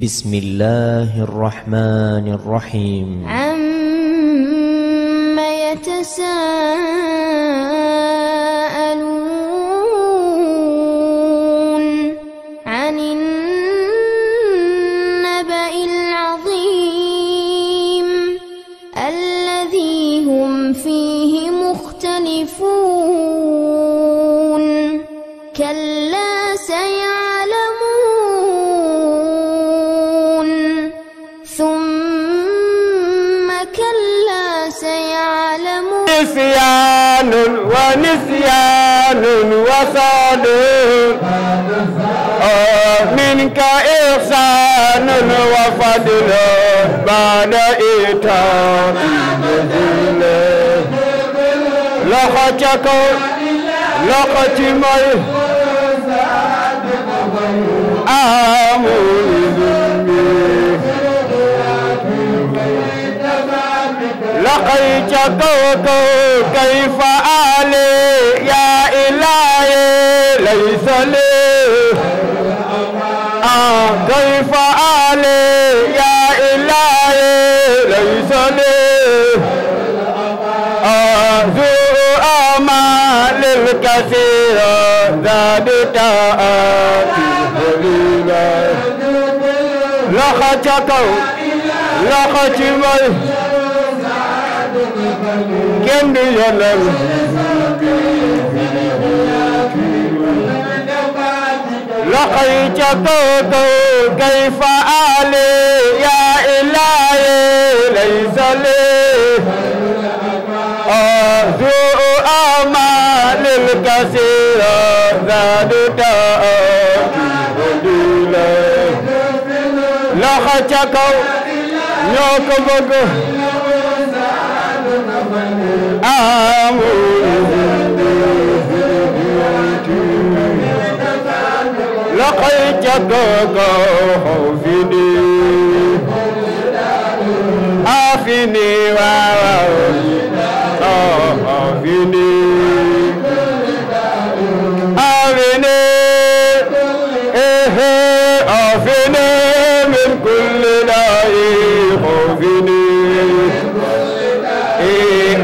بسم الله الرحمن الرحيم عم يتساءل أدنى بعد إيتام لقد لقد مي لقيت كيف آلي يا إلهي ليس لي كيف آلي بطاعته وليلا لختكوا لختموا كم يلم لقيتك كيف علي يا إلهي ليس لي أرجو أمال الكثير gàdduta loxo ca kaw ñoo ko bëgg amul loxo yi ca kaw fini afini ah, waaw عافنا من كل داء خوفني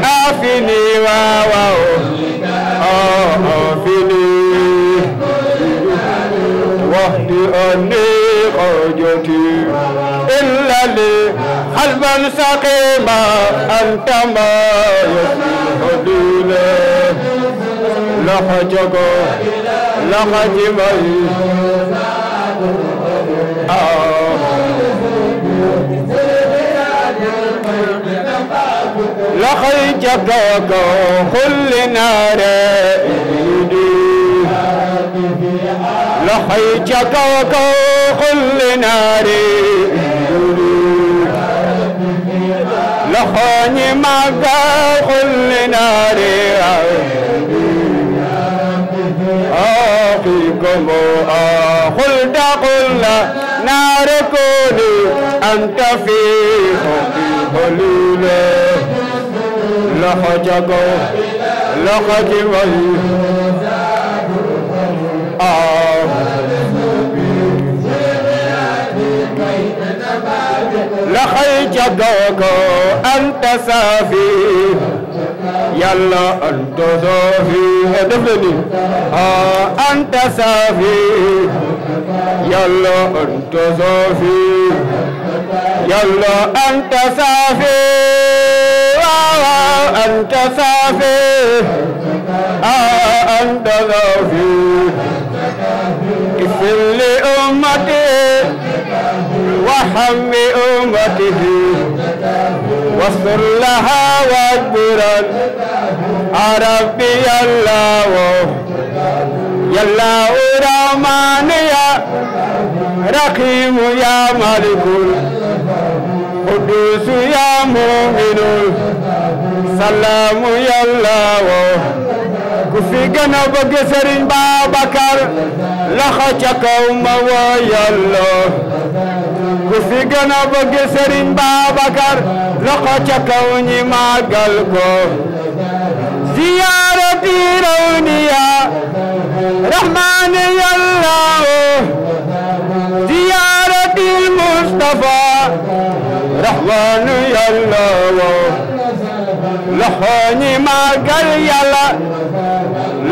عافني واو عافني واهدي أني حاجتي إلا لي قلبا سقيما أنت ما يسهدون لحجك لحجمي لخيجك كل نار لخيجك كل نار لخاني معك كل نار أخيكم أخلد قل تاركوني أنت في حبي هلولة لحجكو لحجمي آه لحجكو أنت سافي yàlla anta saafi def leen nii anta saafi yàlla anta saafi yàlla anta saafi waaw anta saafi anta saafi ifil li ummati وهم أمته واصبر لها واجبرا ربي الله يا الله رحمن يا رحيم يا مالك قدوس يا مؤمن سلام يا الله ku fi gën a bëgg Serigne Babacar loxo ca kaw ma woo yàlla ku fi gën a bëgg Serigne Babacar loxo ca kaw ñi màggal ko ziyaarati rawniya rahmaani yàlla ziyaarati Mustafa rahmaani yàlla loxo ñi màggal yàlla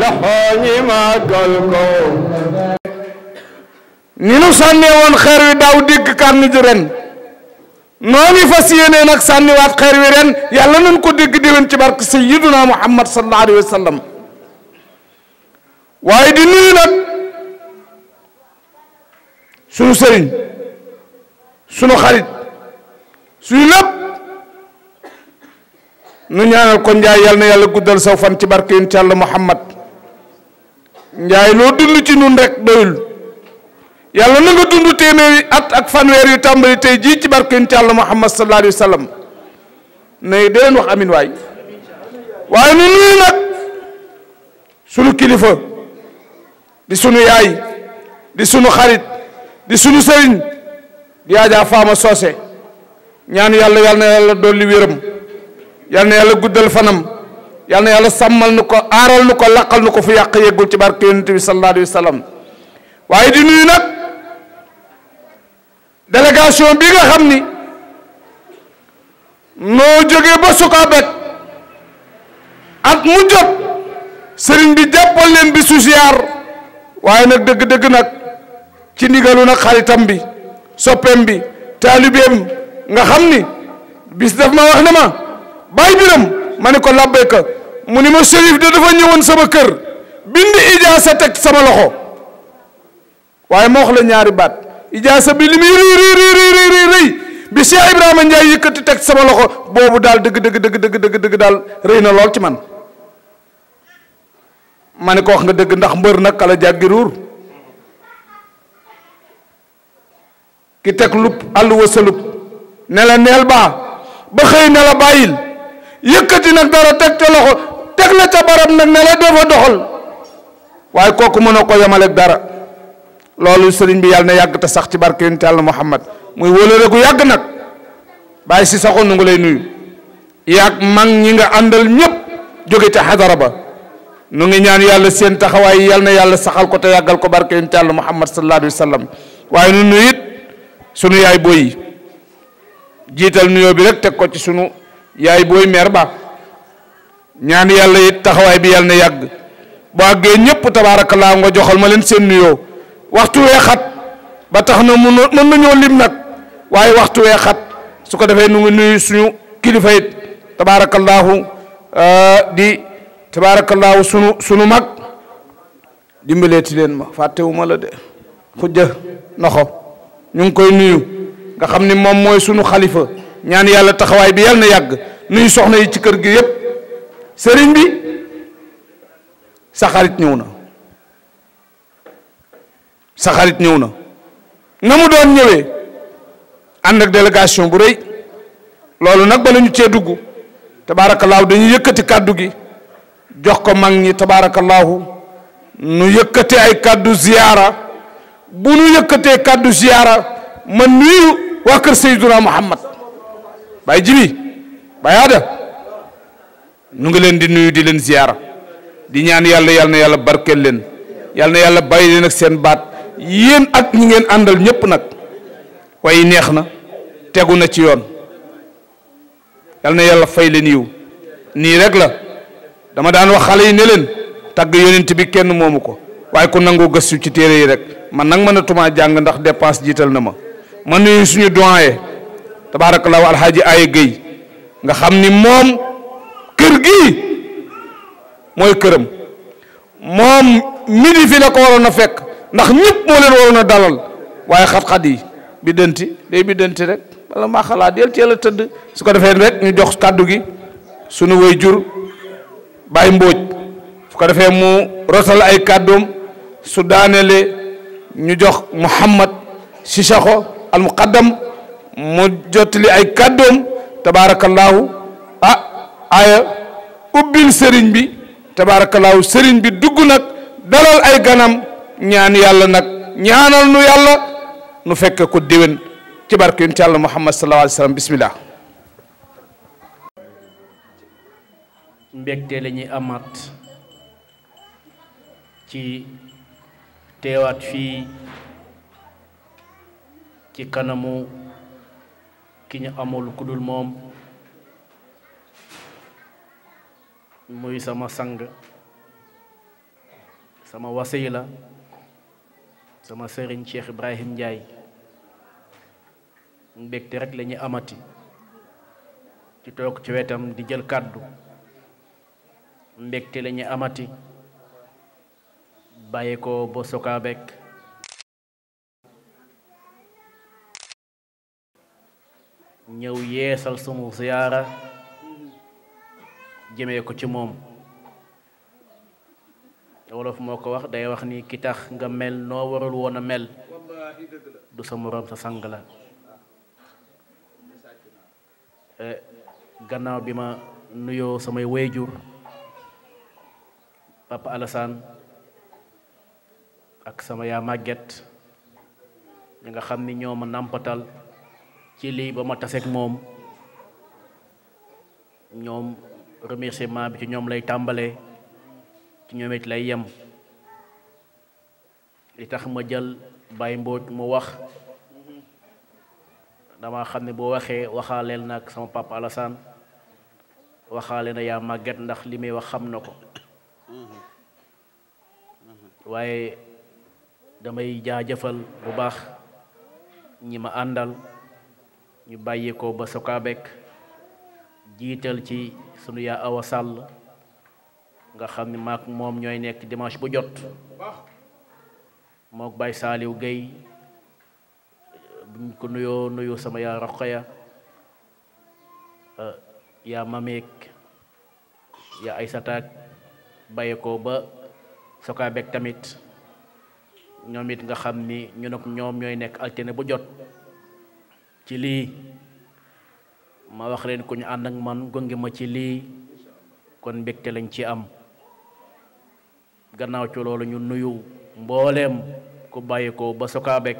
loxo ñi màggal ko ni nu sànnee woon xeer wi daaw dégg kàrnu ji ren noonu fas yéenee nag sànniwaat xeer wi ren yàlla nañ ko dégg déwén ci barke sayyiduna muhammad sallallahu alayhi wa sallam waaye di nuyu nag sunu sëriñ sunu xarit suñu lépp nu ñaanal ko njaay yàlla na yàlla guddal saw fan ci barke yonent yàlla muhammad njaay loo dund ci nun rek doyul yàlla na nga dund téeméeri at ak fanweer yu tàmbali tey jii ci barke yonent yàlla muhammad sallallahu alayhi wa sallam ne di leen amin waay waaye nu nuyu nag sunu kilifa di sunu yaay di sunu xarit di sunu sëriñ di Adja Fama Socé ñaan yàlla yàlla na yàlla dolli wéram yàlla na yàlla guddal fanam yàlla yàlla sàmmal nu ko aaral nu ko laqal nu ko fu yàq yeggul ci barke yonent bi sallallahu alayhi wa waaye di nuyu nag délégation bi nga xam ni noo jógee ba Sukabek at mu jot sëriñ bi jàppal leen bi su waaye nag dëgg-dëgg nag ci ndigalu nag xaritam bi soppeem bi taalibeem nga xam ni bis daf ma wax ne ma bàyyi biram ma ne ko làbbayka mu ni ma shérif de dafa ñëwoon sama kër bind ijaasa teg sama loxo waaye ma wax la ñaari baat ijaasa bi li muy rëy rëy rëy rëy rëy bi Cheikh teg sama loxo boobu daal dëgg dëgg dëgg dëgg dëgg dëgg daal rëy na lool ci man ma ne ko wax nga dëgg ndax mbër nag kala jàggi ruur ki teg lub àll wasalub ne la neel baa ba xëy ne la bàyyil yëkkati nag dara teg te loxo teg la ca barab nag ne la dafa doxal waaye kooku mënoo ko yemaleeg dara loolu sëriñ bi yàlla na yàgg te sax ci barke yonent yàlla Muhammad muy wóolóore gu yàgg nag bàyyi si saxoon nu ngi lay nuyu yàgg mag ñi nga àndal ñépp jóge ca xadara ba nu ngi ñaan yàlla seen taxawaay yàlla na yàlla saxal ko te yàggal ko barke yonent yàlla Muhammad sallallahu alayhi wa sallam waaye nu nuyu it sunu yaay booy yi jiital nuyoo bi rek teg ko ci sunu yaay booy meer ba ñaan yàlla it taxawaay bi yàlla na yàgg boo àggee ñëpp tabaarakallaa nga joxal ma leen seen nuyoo. waxtu wee xat ba tax na mun mën nañoo lim nag waaye waxtu wee xat su ko defee nu ngi nuyu suñu kilifa it tabaarakallaahu euh, di tabaarakallaahu sunu suñu mag dimbaleeti leen ma fàttewuma la de xujja noxo ñu ngi koy nuyu nga xam ni moom mooy sunu xalifa ñaan yàlla taxawaay bi yàlla na yàgg nuyu soxna yi ci kër gi yépp sëriñ bi sa xarit ñëw na sa xarit ñëw na na mu doon ñëwee ànd ak délégation bu rëy loolu nag bala ñu cee dugg tabaarakallaahu dañu yëkkati kàddu gi jox ko mag ñi tabaarakallaahu nu yëkkate ay kàddu ziyaara bu nu yëkkatee kàddu ziyaara ma nuyu waa kër Seydina Muhammad baay jibi bayaada nu ngi leen di nuyu di leen ziyaara di ñaan yàlla yàlla na yàlla barkeel leen yàlla yàlla bàyyi leen ak seen baat yéen ak ñi ngeen àndal ñépp nag waaye neex na tegu na ci yoon yal na yàlla fay leen yiw nii rek la dama daan wax xale yi ne leen tagg yonent bi kenn moomu ko waaye ku nangoo gëstu ci téere yi rek man nag mën a tumaa jàng ndax depanse jiital na ma mën nuyu suñu doyen tabaarakallaahu alxaaji Aye Guèye nga xam ni moom kër gii mooy këram moom midi fi la ko waroon a fekk ndax ñëpp moo leen waroon a dalal waaye xat-xat yi biddanti day biddanti rek wala ma xalaat del teel a tëdd su ko defee rek ñu jox kàddu gi suñu way jur bàyyi mbóoj su ko defee mu rotal ay kàddoom su daanelee ñu jox Muhammad Sisako al muqaddam mu jottali ay kàddoom tabaarakallaahu ah aya ubbil sëriñ bi tabaarakallaahu sëriñ bi dugg nag dalal ay ganam ñaan yàlla nag ñaanal nu yàlla nu fekk ko déwén ci barke yonent yàlla muhammad sallallahu alayhi bismillah mbégte la ñuy amaat ci teewaat fii ci kanamu ki ñu amul ku dul moom muy sama sang sama la sama sëriñ Cheikh Ibrahim Ndiaye mbégte rek la amati ci toog ci wetam di jël kàddu mbégte la amati bàyyi ko ba Sokabek ñëw yeesal sunu ziyaara jëmee ko ci moom wolof moo ko wax day wax nii ki tax nga mel noo warul woon a mel du sa moroom sa sang eh, gannaaw bi ma nuyoo samay wayjur Papa Alassane ak sama yaa màgget ñi nga xam ni ñooma nàmpatal ci lii ba ma taseeg moom ñoom remerciement bi ci ñoom lay tàmbalee ci ñoom it lay yem li tax ma jël bay mbooj mu wax dama xam ne boo waxee waxaaleel na ak sama papa Alassane waxaale na yaa màgget ndax li may wax xam na ko waaye damay jaajëfal bu baax ñi ma àndal ñu bàyyi ko ba Sokabek jiital ci sunu yaa Awa sàll nga xam ne maak moom ñooy nekk dimanche bu jot mook Baye Saliou Gueye buñ ko nuyoo nuyoo sama yaa Roqaya euh, yaa Mameek yaa Aysataak bàyyi ko ba Sokabek tamit ñoom it nga xam ni ñu nag ñoom ñooy nekk altine bu jot ci lii ma wax leen ku ñu ànd ak man gunge ma ci lii kon mbégte lañ ci am gannaaw ci loolu ñu nuyu mbooleem ku bàyyi ko ba Sokabek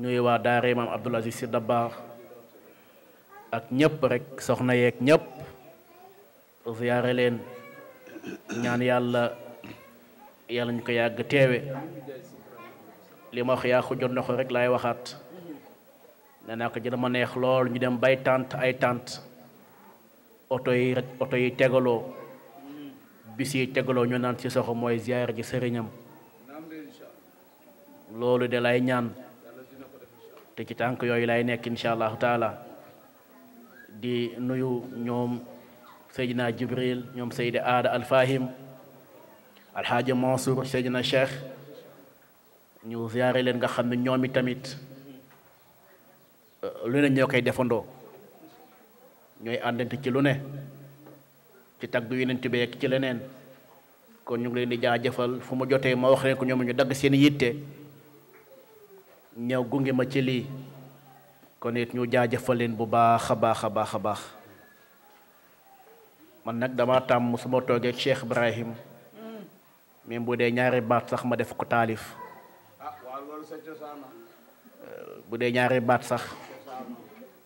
nuyu waa daare maam Abdoul Aziz Sy Dabakh ak ñëpp rek soxna yeeg ñëpp ziyaare leen ñaan yàlla yàlla ñu ko yàgg teewe li ma wax yaa ko jot na rek lay waxaat ne naa ko dina ma neex lool ñu dem bay tànt ay tànt oto yi yi tegaloo bis yi tegaloo ñu naan ci soxo mooy ziyaar ji sëriñam loolu de lay ñaan te ci tànk yooyu lay nekk incha allahu taala di nuyu ñoom Seydina Jibril ñoom Seydi Aada Alfahim Alxaaji Mansour Seydina Cheikh ñu ziyaare leen nga xam ne ñoomi tamit lu ne ñoo koy defandoo ñooy àndante ci lu ne ci tagg yonent bi ak ci leneen kon ñu ngi leen di jaa jaajëfal fu mu jotee ma wax leen rek ñoom ñu dagg seen yitte ñëw gunge ma ci lii kon it ñu jaajëfal leen bu baax a baax a baax a baax man nag dama tàmm su ma toogee Cheikh Ibrahim même bu dee ñaari baat sax ma def ko taalif ah, bu dee ñaari baat sax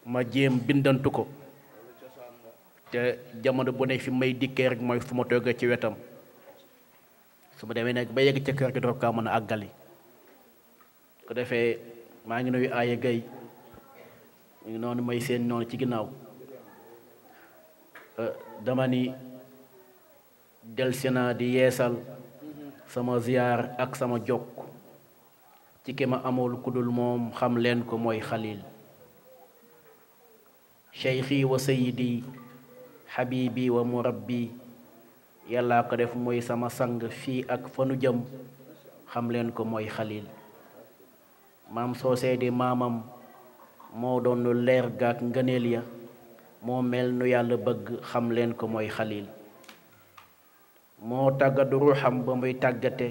ma jéem bindantu ko te jamono bu ne fi may dikkee rek mooy fu ma toogee ci wetam su ma demee nag ba yegg ca kër gi doo kaa mën a àggali ko defee maa ngi nuyu Aya Gueye noonu may seen noonu ci ginnaaw euh, dama ni delsi naa di yeesal sama ziyaar ak sama jokk ci ki ma amul kudul moom xam leen ko mooy xalil cheikhi wa sayidi xabibi wa murabbi yàllaa ko def mooy sama sang fii ak fanu jëm xam leen ko mooy xalil maam soo di maamam moo doon leer gaak ngëneel ya moo mel nu yàlla bëgg xam leen ko mooy xalil moo tàggatu xam ba muy tàggate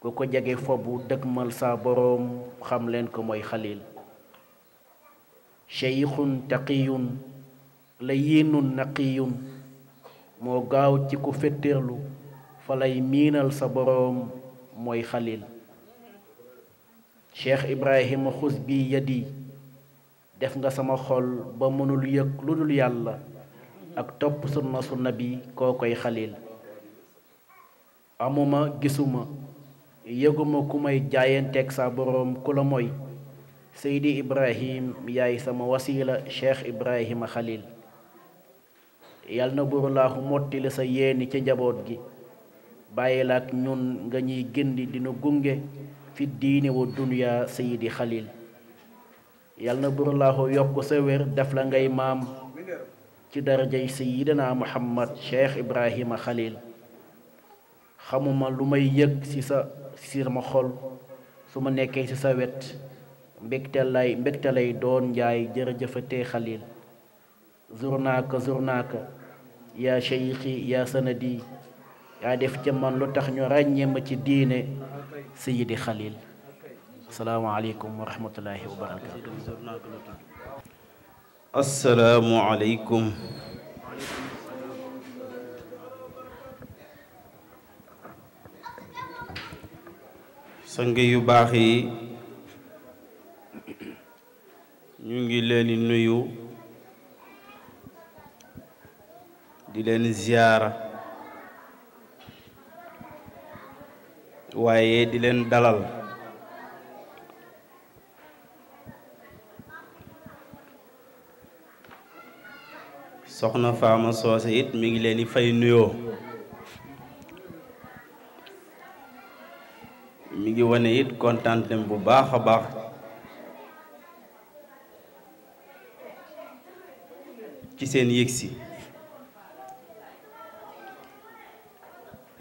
ku ko jege fobu dëgmal saa boroom xam leen ko mooy xaliil cheyixun taqiyun la yiinun naqiyun moo gaaw ci ku fettéerlu falay miinal sa boroom mooy xalil cheikh ibrahima xus bi yadi def nga sama xol ba mënul yëg lu dul yàlla ak topp sunna na bi koo koy xalil amuma gisuma yëguma ku may jaayanteeg sa boroom ku la mooy seydi ibrahim yaay sama wasila cheikh ibrahima xalil yal na buur laaxu mottili sa yéeni ci njaboot gi bàyyi la ak ñun nga ñuy gindi dina gunge fi diine wa dunya sayidi xalil yal na buur yokk sa wér def la ngay maam ci darajay sayidina muhammad cheikh ibrahima xaliil xamuma lu may yëg ci sa ci ma xol su ma nekkee ci sa wet mbégte lay mbégte lay doon njaay jërëjëfate xalil zur naaka zur naaka yaa cheikhi yaa sanadi yaa def ca man lu tax ñu ràññee ma ci diine sayidi xalil asalaamaaleykum wa rahmatullahi yu baax yi ñu ngi leen nuyu di leen ziyaara waaye di leen dalal soxna Faama Soose it mi ngi leen di fay nuyoo mu ngi wane it kontaanteem bu baax a baax ci seen yëgsi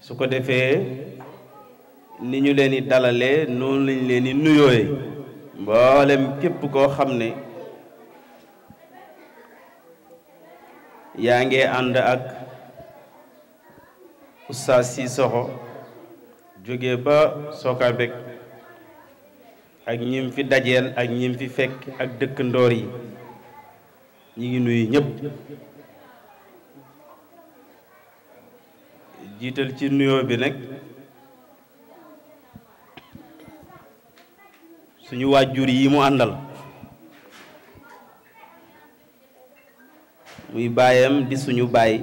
su ko defee ni ñu leen di dalalee noonu lañ leen di nuyooye mboolem képp koo xam ne yaa ngi ànd ak Oustaz Sissoko jóge ba Sokabek ak ñim fi dajeel ak ñim fi fekk ak dëkk ndoor yi ñu ngi nuyu ñépp jiital ci nuyoo bi nag suñu waajur yi mu àndal muy baayam di suñu baay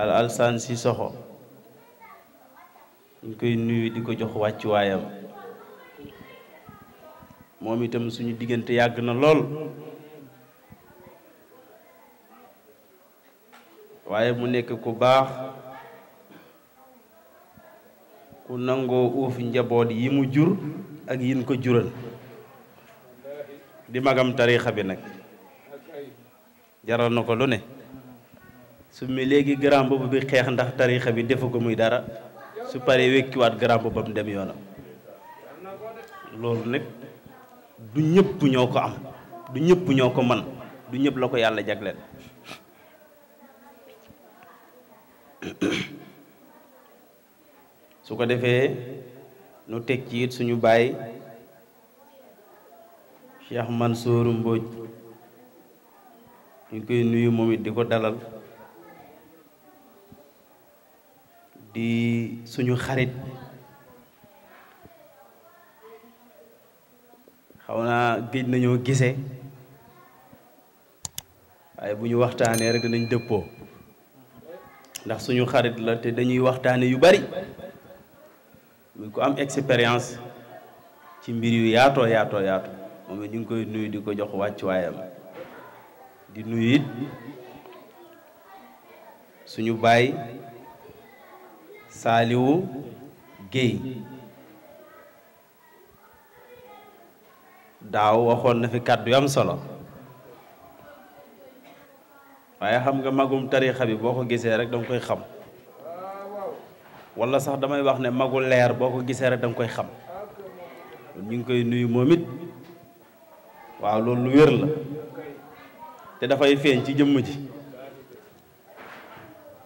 al alsan si soxo ñu koy nuyu di ko jox wàccuwaayam moom itam suñu diggante yàgg na lool waaye mu nekk ku baax ku nangoo uuf njaboot yi mu jur ak yin ko jural di magam tarixa bi nag jaral na ko lu ne su mi léegi grand boobu bi xeex ndax tariixa bi defu ko muy dara su paree wekkiwaat grand boobam dem yoonam loolu nag du ñëpp ñoo ko am du ñëpp ñoo ko man du ñëpp la ko yàlla jagleel su ko defee nu teg ci it suñu baay Cheikh Mansour Mbodj ñu koy nuyu moom it di ko dalal di suñu xarit xaw naa géej nañoo gisee waaye bu ñu waxtaanee rek dinañ dëppoo ndax suñu xarit la te dañuy waxtaane yu bari muy ko am expérience ci mbir yu yaato yaato yaatu moom it ñu ngi koy nuyu di ko jox wàccuwaayam di nuyu suñu baay Saaliwu Géey daaw waxoon na fi kàddu yu am solo waaye xam nga magum tariixa bi boo ko gisee rek danga koy xam wala sax damay wax ne magu leer boo ko gisee rek danga koy xam ñu ngi koy nuyu moom it waaw loolu lu wér la te dafay feeñ ci jëmm ji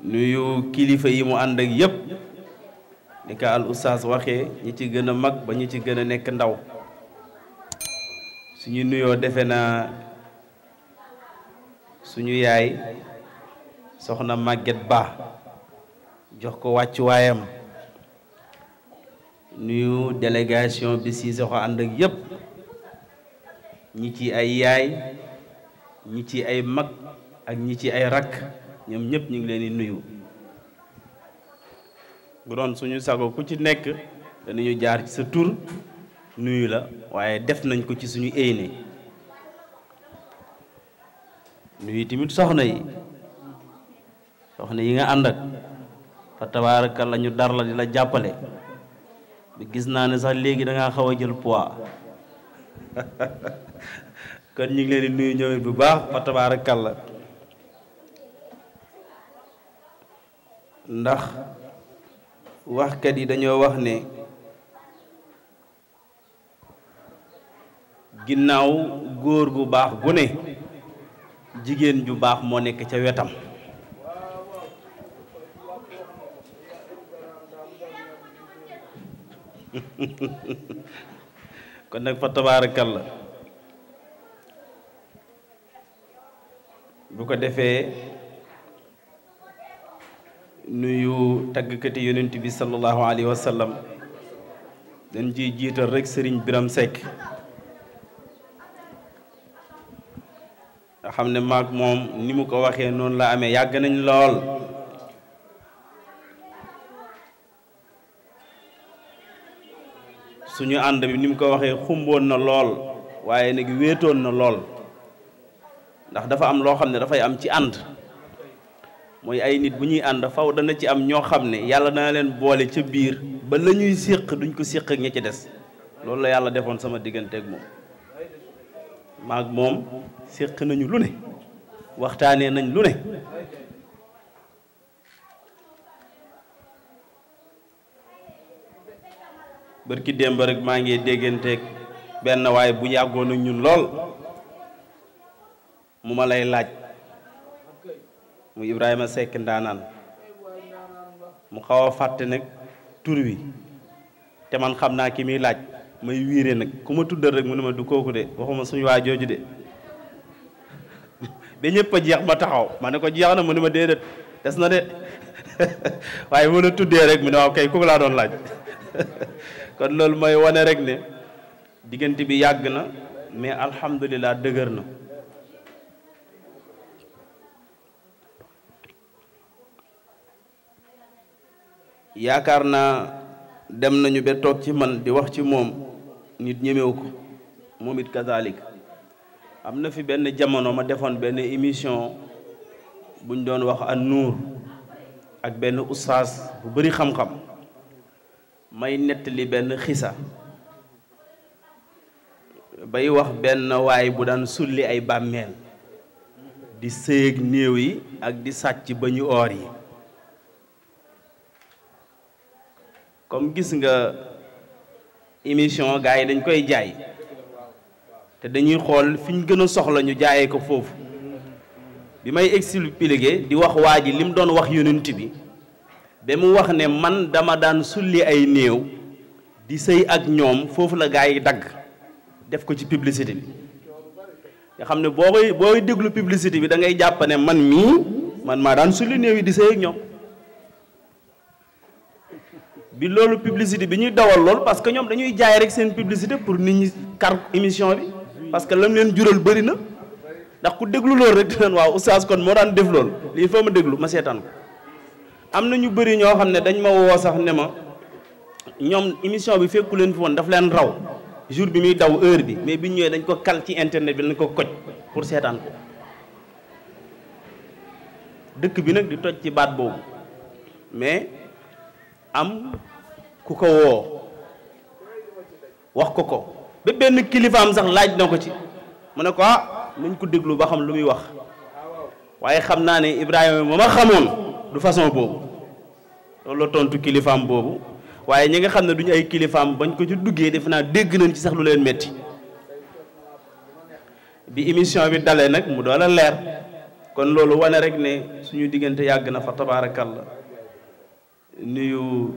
nuyu kilifa yi mu ànd ak yépp ni ko al waxee ñi ci gën a mag ba ñi ci gën a nekk ndaw suñu nuyoo defe naa suñu yaay soxna Maguette Ba jox ko wàccuwaayam nuyu délégation bi si soxo ànd ak yépp ñi ci ay yaay ñi ci ay mag ak ñi ci ay rakk ñoom ñépp ñu ngi leen di nuyu bu doon suñu sago ku ci nekk danañu jaar ci sa tur nuyu la waaye def nañ ko ci suñu éyne nuyu tamit soxna yi soxna yi nga ànd ak fa tabaaraka la ñu dar la di la jàppale bi gis naa ne sax léegi da ngaa xaw a jël poids kon ñu ngi leen di nuyu ñëwet bu baax fa tabaaraka la ndax waxkat yi dañoo wax ne ginnaaw góor gu baax gu ne jigéen ju baax moo nekk ca wetam kon nag fa tabaarakalla bu ko defee nuyu taggkati yonent bi sallallahu alayhi wa sallam dañ ciy jiital rekk sëriñ Biram Seck nga xam ne maag moom ni mu ko waxee noonu laa amee yàgg nañ lool suñu ànd bi ni mu ko waxee xumboon na lool waaye nag wéetoon na lool ndax dafa am loo xam ne dafay am ci ànd mooy ay nit bu ñuy ànd faw dana ci am ñoo xam ne yàlla dana leen boole ca biir ba la ñuy séq duñ ko séq ak ña ci des loolu la yàlla defoon sama diggante ak moom maag moom séq nañu lu ne waxtaanee nañ lu ne bërki démb rek maa ngi dégganteeg benn waaye bu yàggoon ak ñun lool mu ma lay laaj mu Ibrahima Seck ndaanaan mu xaw a fàtte nag tur wi te man xam naa ki muy laaj may wiire nag ku ma tuddal rek mu ne ma du kooku de waxuma suñu waa jooju de ba ñëpp a jeex ma taxaw ma ne ko jeex na mu ne ma déedéet des na de waaye mu a tuddee rek mu ne waaw kay ku laa doon laaj kon loolu mooy wane rek ne diggante bi yàgg na mais alhamdulilah dëgër na yaakaar naa dem nañu ba toog ci man di wax ci moom nit ñemewu ko moom it kazalik am na fi benn jamono ma defoon benn émission buñ doon wax an nuur ak benn ussaas bu bari xam-xam may nettali benn xisa bay wax benn waay bu daan sulli ay bàmmeel di séeg néew yi ak di sàcc ba ñu oor yi comme gis nga émission gars yi dañ koy jaay te dañuy xool fi ñu gën soxla ñu jaayee ko foofu bi may expliquer di wax waa ji li doon wax yonent bi ba mu wax ne man dama daan sulli ay néew di sëy ak ñoom foofu la gars yi dagg def ko ci publicité bi nga xam ne boo koy booy déglu publicité bi da ngay jàpp ne man mii man maa daan sulli néew yi di sëy ak ñoom bi loolu publicité bi ñuy dawal loolu parce que ñoom dañuy jaay rek seen publicité pour nit ñi kar émission bi parce que lam leen jural bëri na ndax ku déglu loolu rek dinañ waaw oustaz kon moo daan def loolu lii fa ma déglu ma seetaan ko am na ñu bëri ñoo xam ne dañ ma woo sax ne ma ñoom émission bi fekku leen fi woon daf leen raw jour bi muy daw heure bi mais bi ñëwee dañ ko kal ci internet bi lañ ko koj pour seetaan ko dëkk bi nag di toj ci baat boobu mais. am ku ko woo wax ko ko ba benn kilifaam sax laaj na ko ci mu ne ko ah nañ ko déglu ba xam lu muy wax waaye xam naa ne Ibrahima ma ma xamoon du façon boobu loolu tontu kilifaam boobu waaye ñi nga xam ne duñ ay kilifaam bañ ko ci duggee defe naa dégg nañ ci sax lu leen metti bi émission bi dalee nag mu doole leer kon loolu wane rek ne suñu diggante yàgg na fa la nuyu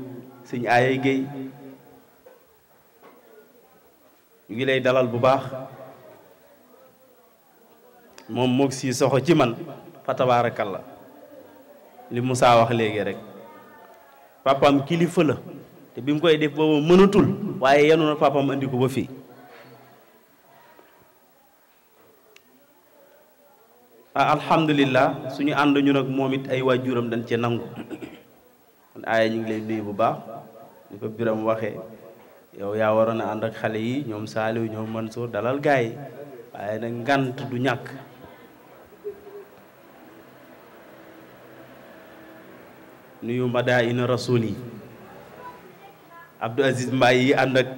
sëñ Aye Guèye ñu ngi lay dalal bu baax moom moog si soxo ci man fa la li musaa wax léegi rek papam kilifa la te bi mu koy def boobu mënatul waaye yanu na papam andi ba fii ah alhamdulillah suñu ànd ñu nag moom it ay waajuram dañ cee nangu kon ñu ngi lay nuyu bu baax ni ko biram waxee yow yaa waroon a ànd ak xale yi ñoom Saaliw ñoom soo dalal gaay yi waaye nag ngant du ñàkk nuyu mbadaa ina rasul yi Abdou Aziz Mbaye yi ànd ak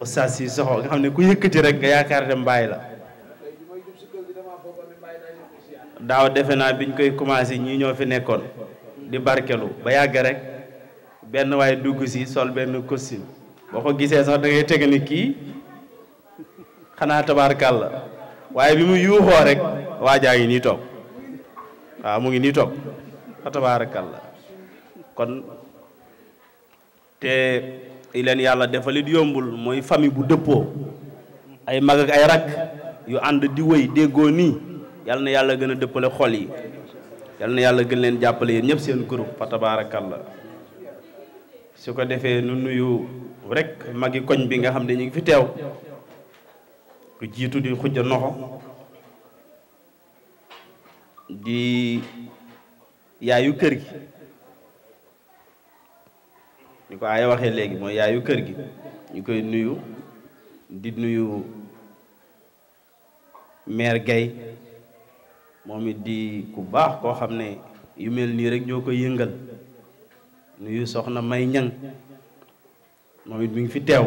ustaas yi soxo nga xam ne ku yëkkati rek nga yaakaar ne mbaay la daaw defe naa biñ koy commencé ñi ñoo fi nekkoon di barkelu ba yàgg rek benn waaye dugg si sol benn costume boo ko gisee sax da ngay teg ni kii xanaa tabaarkàl la waaye bi mu yuuxoo rek waajaa ngi nii toog waaw mu ngi nii toog fa tabaarkàl la kon te i leen yàlla defalit yombul mooy famille bu dëppoo ay mag ak ay rakk yu ànd di wëy déggoo nii yàlla na yàlla gën a dëppale xol yi yal na yàlla gën leen jàppale yéen ñëpp seen groupe fa tabaarakalla su ko defee nu nuyu rekk magi koñ bi nga xam ne ñu ngi fi teew ku jiitu di xujja noxo di yaayu kër gi ñu ko ay waxee léegi mooy yaayu kër gi ñu koy nuyu di nuyu maire gay moom it di ku baax koo xam ne yu mel nii rek ñoo koy yëngal nuyu soxna may ñang moom it mi ngi fi teew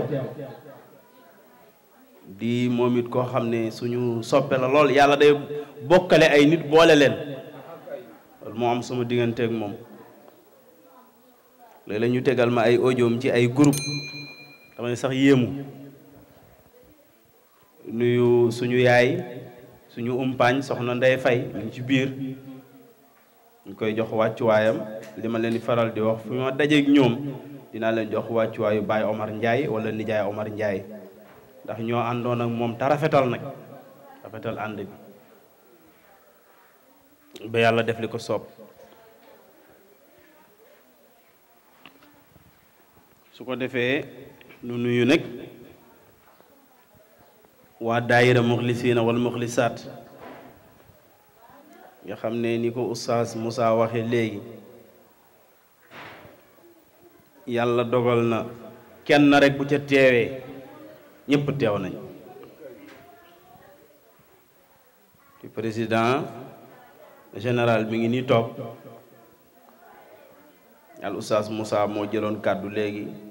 di moom it koo xam ne suñu soppe la lool yàlla day bokkale ay nit boole leen loolu moo am sama digganteeg moom léeg-léeg ñu tegal ma ay audioom ci ay groupe damay sax yéemu nuyu suñu yaay suñu umpaañ soxna Ndey Fay mi ci biir ñu koy jox wàccuwaayam li ma leen di faral di wax fu ma dajeeg ñoom dinaa leen jox wàccuwaayu Baay Omar njaay wala nijaay Omar njaay ndax ñoo àndoon ak moom te rafetal nag rafetal ànd bi ba yàlla def li ko soob su ko defee nu nuyu nag waa daayira muxlisiina wal muxlisaat nga xam ne ni ko oustaz Moussa waxe léegi yàlla dogal na kenn rek bu ca teewee ñëpp teew nañu di président général mi ngi nii toog yàlla oustaz Moussa moo jëloon kàddu léegi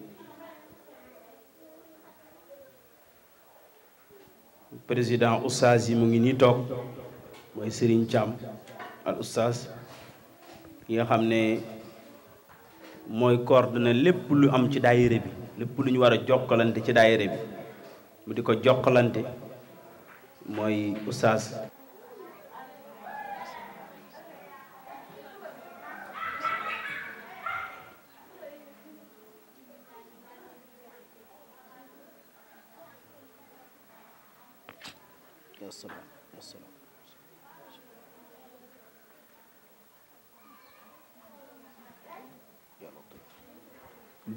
président oustaz yi mu ngi nii toog mooy Serigne Thiam al oustaz yi nga xam ne mooy coordonné lépp lu am ci daayira bi lépp lu ñu war a jokkalante ci daayira bi mu di ko jokkalante mooy oustaz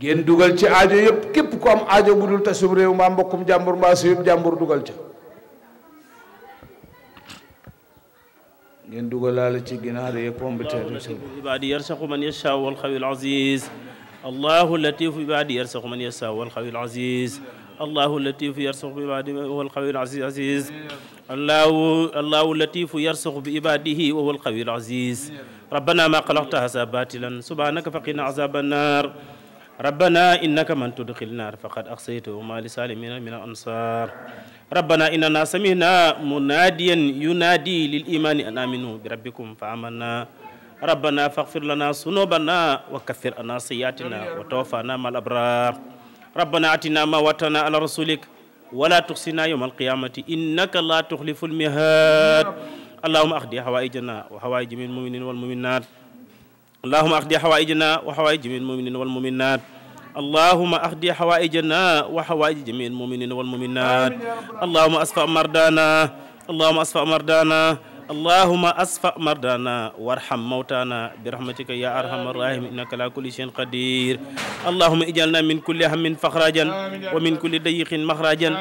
ngeen dugal ci aajo yëpp képp ku am aajo bu dul tasum réew mbaa mbokkum jàmbur mbaa suyub jàmbur dugal ca ngeen dugalaale ci ginaar yeeg pombiteer ibaadi yarsaxu man yashaa wal xawil aziz allahu latifu ibaadi yarsaxu man yashaa wal xawil aziz allahu latifu yarsaxu bi ibaadi wal xawil aziz allahu allahu latifu yarsaxu bi ibaadihi wa wal xawil aziz rabbana ma xalaqta hasa batilan subhanaka faqina azaba annar rabbana innaka man tudxil naar faqad axsaytahu ma li salimina min al ansar rabbana innana samina munaadiyan yunaadi lil imani an aminu bi rabbikum fa amanna rabbana faxfir lana sunubana wa kaffir ana sayatina wa tawafana ma al abrar rabbana atina ma watana ala rasulik wala tuxsina yowma alqiyamati innaka la tuxlifu almihad allahuma axdi hawaijana wa hawaij min muminin walmuminat allahuma axdi xawaaijana wa xawaaij jamil muminin wal muminat allahuma axdi xawaaijana wa xawaaij jamil muminin wal muminat allahuma asfa mardana allahuma asfa mardana allahuma asfa mardana warham mawtana birahmatika ya arhamar rahim innaka la kulli shay'in qadir allahuma ijalna min kulli hammin fakhrajan wa min kulli dayiqin makhrajan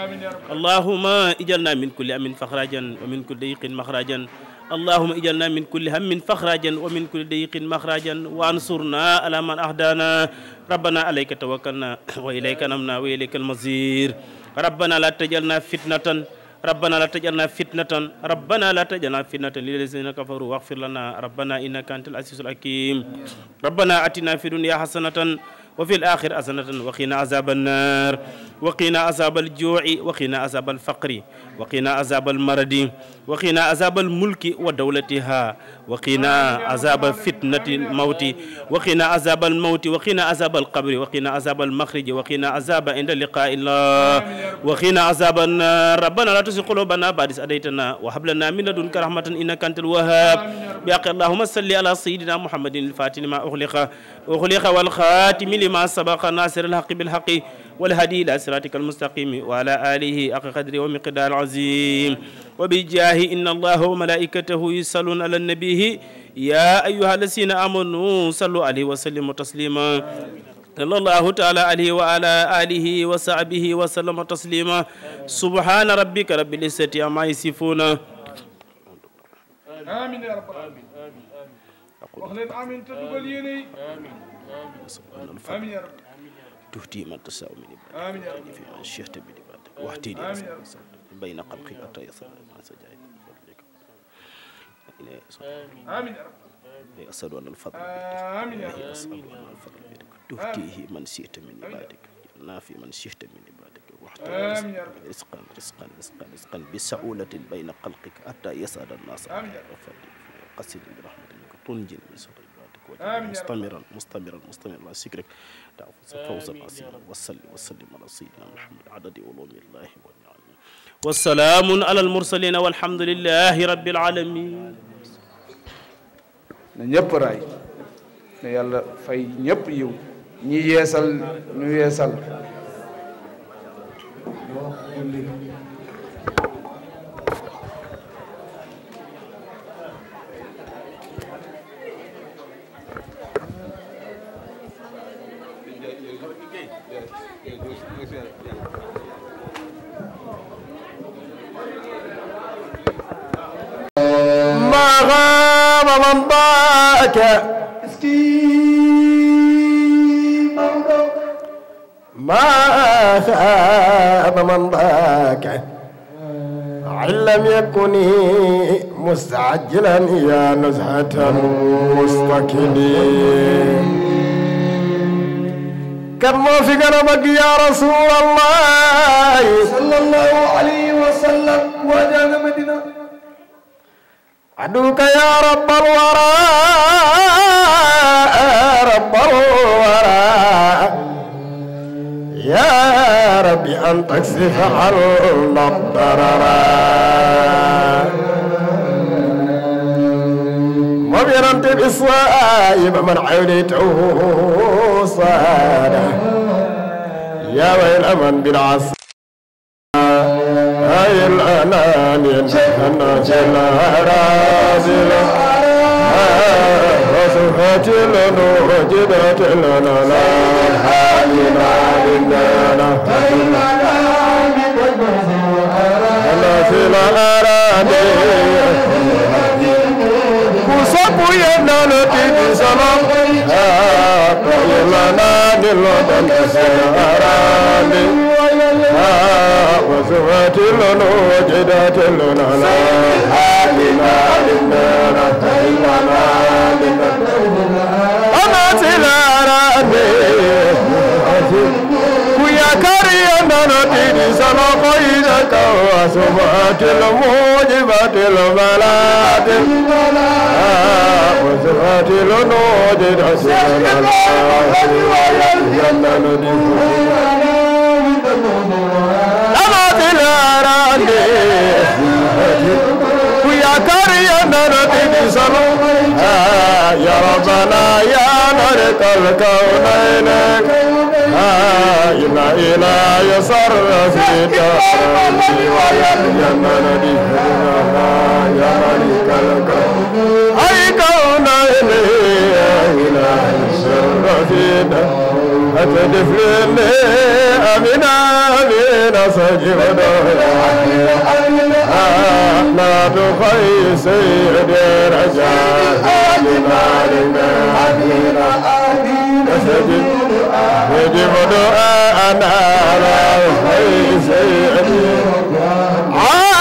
allahuma ijalna min kulli hammin fakhrajan wa min kulli dayiqin makhrajan allahuma ijalna min kulli hammin faxrajan wa min kulli dayqin maxrajan wa ansurna ala man ahdana rabbana alayka tawakkalna wa ilayka namna wa ilayka almasir rabbana la tajalna fitnatan rabbana la tajalna fitnatan rabbana la tajalna fitnatan lillazina kafaru waxfir lana rabbana innaka antal azizul hakim rabbana atina fi dunya hasanatan wa fi l axir hasanatan wa qina azaba annar wa qina azaba aljuuci wa qina azaba alfaqri وقنا عذاب المرض وقنا عذاب الملك ودولتها وقنا عذاب فتنة الموت وقنا عذاب الموت وقنا عذاب القبر وقنا عذاب المخرج وقنا عذاب عند لقاء الله وقنا عذاب النار ربنا لا تزغ قلوبنا بعد إذ هديتنا وهب لنا من لدنك رحمة إنك أنت الوهاب بحق اللهم صل على سيدنا محمد الفاتح لما أغلق أغلق والخاتم لما سبق ناصر الحق بالحق والهدي إلى صراطك المستقيم وعلى آله أق قدر ومقدار عظيم وبجاه إن الله وملائكته يصلون على النبي يا أيها الذين آمنوا صلوا عليه وسلموا تسليما صلى الله تعالى عليه وعلى آله وصحبه وسلم تسليما سبحان ربك رب العزة عما يصفون آمين يا رب العالمين آمين آمين آمين آمين آمين آمين آمين آمين آمين آمين آمين آمين تهدي من تساء من عبادك فيما شئت من عبادك واهدني بين خلقك حتى يصل مع سجائك آمين أسأل أن الفضل بيدك أسأل أن الفضل بيدك تهديه من شئت من عبادك نافي من شئت من عبادك واحتمل رزقا رزقا رزقا رزقا بسعولة بين خلقك حتى يسعد الناس وفضل قصد برحمتك تنجي من سؤالك واجعله مستمرا مستمرا مستمرا على ذكرك دعوة فوزا عظيما وسلم وسلم على سيدنا محمد عدد علوم الله والنعم والسلام على المرسلين والحمد لله رب العالمين na ñëpp raay na yàlla fay ñëpp yiw ñi yeesal ñu yeesal ذاك ما خاب من ضاك إن لم يكن مستعجلا يا نزهة مستكلين كم في قلبك يا رسول الله صلى الله عليه وسلم وجعل مدينه عدوك يا رب الورى رب الورى يا ربي أن تكشف عنا الضرر مبينا بالصائب من عينيته صار يا ويل من بالعصر الأناني جهنم جل راسل وصفات لنا وجدت لنا لا حالنا عندنا أنا في الأراضي وصب يدنا لتيجي سلام قيل لنا دلنا في الأراضي وصفات الوجدات لنا سيدنا لنا إننا أما تلاراني كويا كريم نبي سما قيدك وصفات الموجبات البلاد وصفات الوجدات لنا سيدنا لنا يا ربنا يا ملك الكونين لا إله يسر في دارنا ويا ملك يا ملك الكون أي كونين إله يسر في دارنا أتدف لي أمنا بنا سجد أحمد خير سيد رجال لمالنا أمير أمير يجب دعاءنا على خير سيد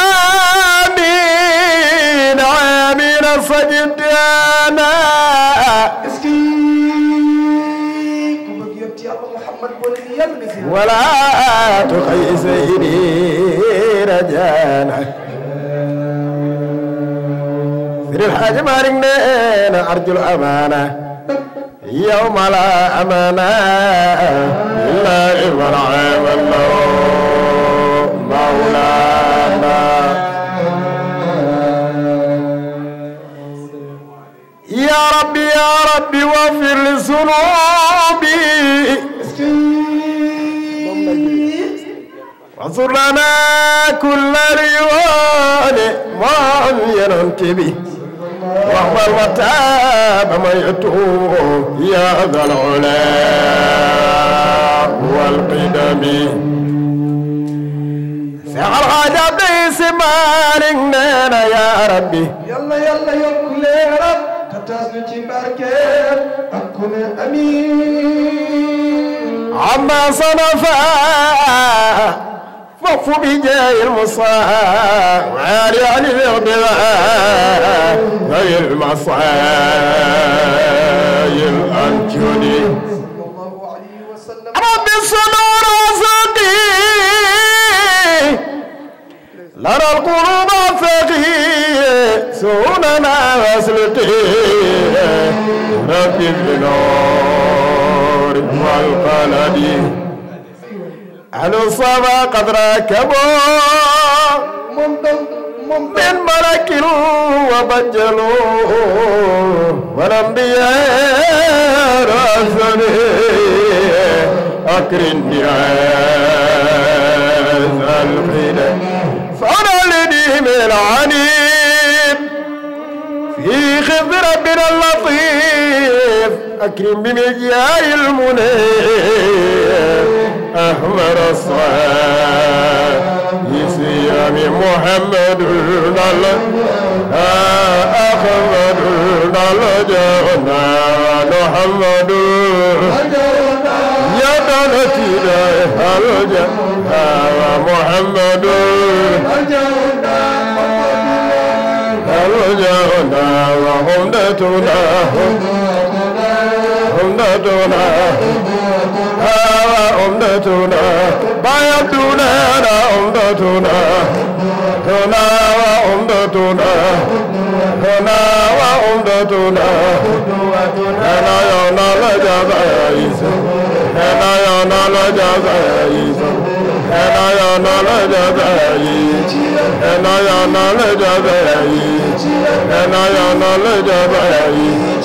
آمين آمين سجدنا ولا تخيس إليه jaana siril xaaji Maalik neena arjul amaana yawma la amaana illa iman amanna mawlaana ya rabbi ya rabbi wafir li sunubi انصر لنا كل ريوان من ينتبه واغفر وتاب من يتوب يا ذا العلا والقدم سعر عجب سمارك نانا يا ربي يلا يلا يقول رب تتاسن تباركين أكون أمين عما صنفا واقف بجاه المصاب وعالي عن الاغتباء غير المصايب أنجني رب الصدور رزقي لرى القلوب فقيه سوننا واسلقي رب النور والقلب ahlu saba qad rakaboo moom dong moom min malakil wa bajjaloo wal anbiyaa rasuli akrin diaz alxida fawna lidihim ilanim fi xifdi rabbina latif akrim bimijyaay almunif أحمر الصلاة بسيام محمد دل أحمد دل جهنا محمد يا دلتي الجنة محمد الجنة وهمتنا همتنا عمدتنا باي عبدنا عمدتنا هنا وعمدتنا هنا وعمدتنا هنا يونا لجزائز هنا يونا لجزائز هنا يونا لجزائز هنا يونا لجزائز هنا يونا لجزائز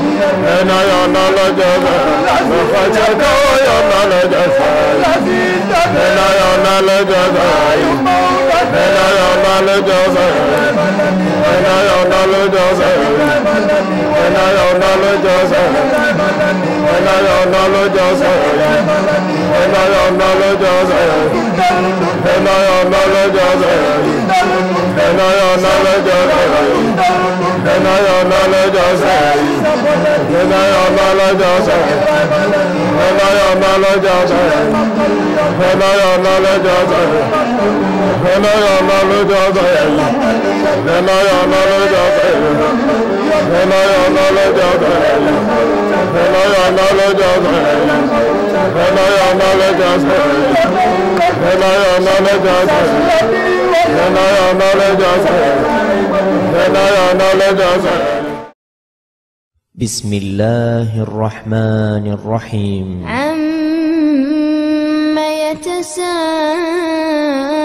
أنا يا لجفا وخشك يا لجفا أنا يا لجفا أنا يا لجفا أنا يا لجفا أنا يا لجفا أنا يا لجفا أنا يا لجفا أنا يا لجفا أنا يا لجفا nínú yóò lọ́lọ́ jọ́sẹ̀ nínú yóò lọ́lọ́ jọ́sẹ̀ nínú yóò lọ́lọ́ jọ́sẹ̀ nínú yóò lọ́lọ́ jọ́sẹ̀ nínú yóò lọ́lọ́ jọ́sẹ̀ nínú yóò lọ́lọ́ jọ́sẹ̀ nínú yóò lọ́lọ́ jọ́sẹ̀ nínú yóò lọ́lọ́ jọ́sẹ̀ Hello, your knowledge has Hello, your knowledge has Hello, your knowledge has Hello, your knowledge بسم الله الرحمن الرحيم عم يتساءل